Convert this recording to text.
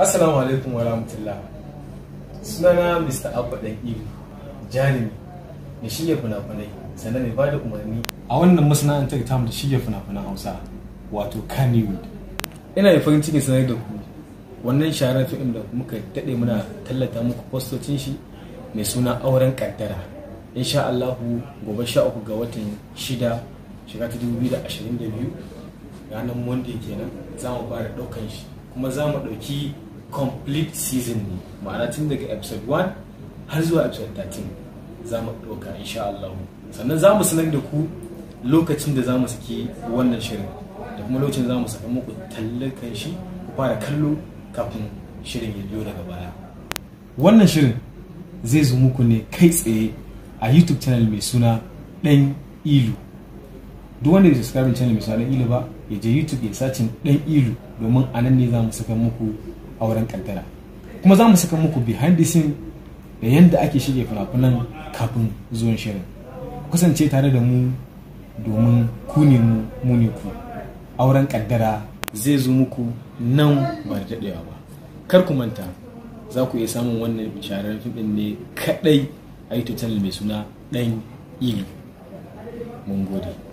Assalamu alaikum wa rahmatullah. Sunana Mr. Abba Dan Ibu, jarumi da shirya fina-finai sannan mai bada umarni. A wannan masana'antar tamu da shirya fina-finan Hausa, wato Kannywood. Ina da farin cikin sanar da ku wannan sharar fim da muka daɗe muna tallata muku postocin shi mai suna auren kaddara. Insha Allahu gobe sha uku ga watan shida shiga ta dubu biyu da ashirin ranar Monday kenan za mu fara ɗaukan shi kuma za mu ɗauki complete season ne ma'ana tun daga episode 1 har zuwa episode 13 za mu ɗauka insha Allah sannan za mu sanar da ku lokacin da za mu saki wannan shirin da kuma lokacin za mu saka muku tallakan shi ku fara kallo kafin shirin ya biyo daga baya wannan shirin zai zo muku ne kai tsaye a youtube channel mai suna dan ilu duk wanda ya subscribe channel mai suna dan ilu ba ya je youtube ya sacin dan ilu domin anan ne za mu saka muku auren kaddara kuma za mu saka muku behind the scene da yadda ake shige fina-finan kafin zuwan shirin kusance tare da mu domin ku ne mu muni ku a auren kaddara zai zo muku nan ba da daɗewa ba kar ku manta za ku iya samun wannan shahararren fim ne kaɗai a yi mai suna ɗan yi mun gode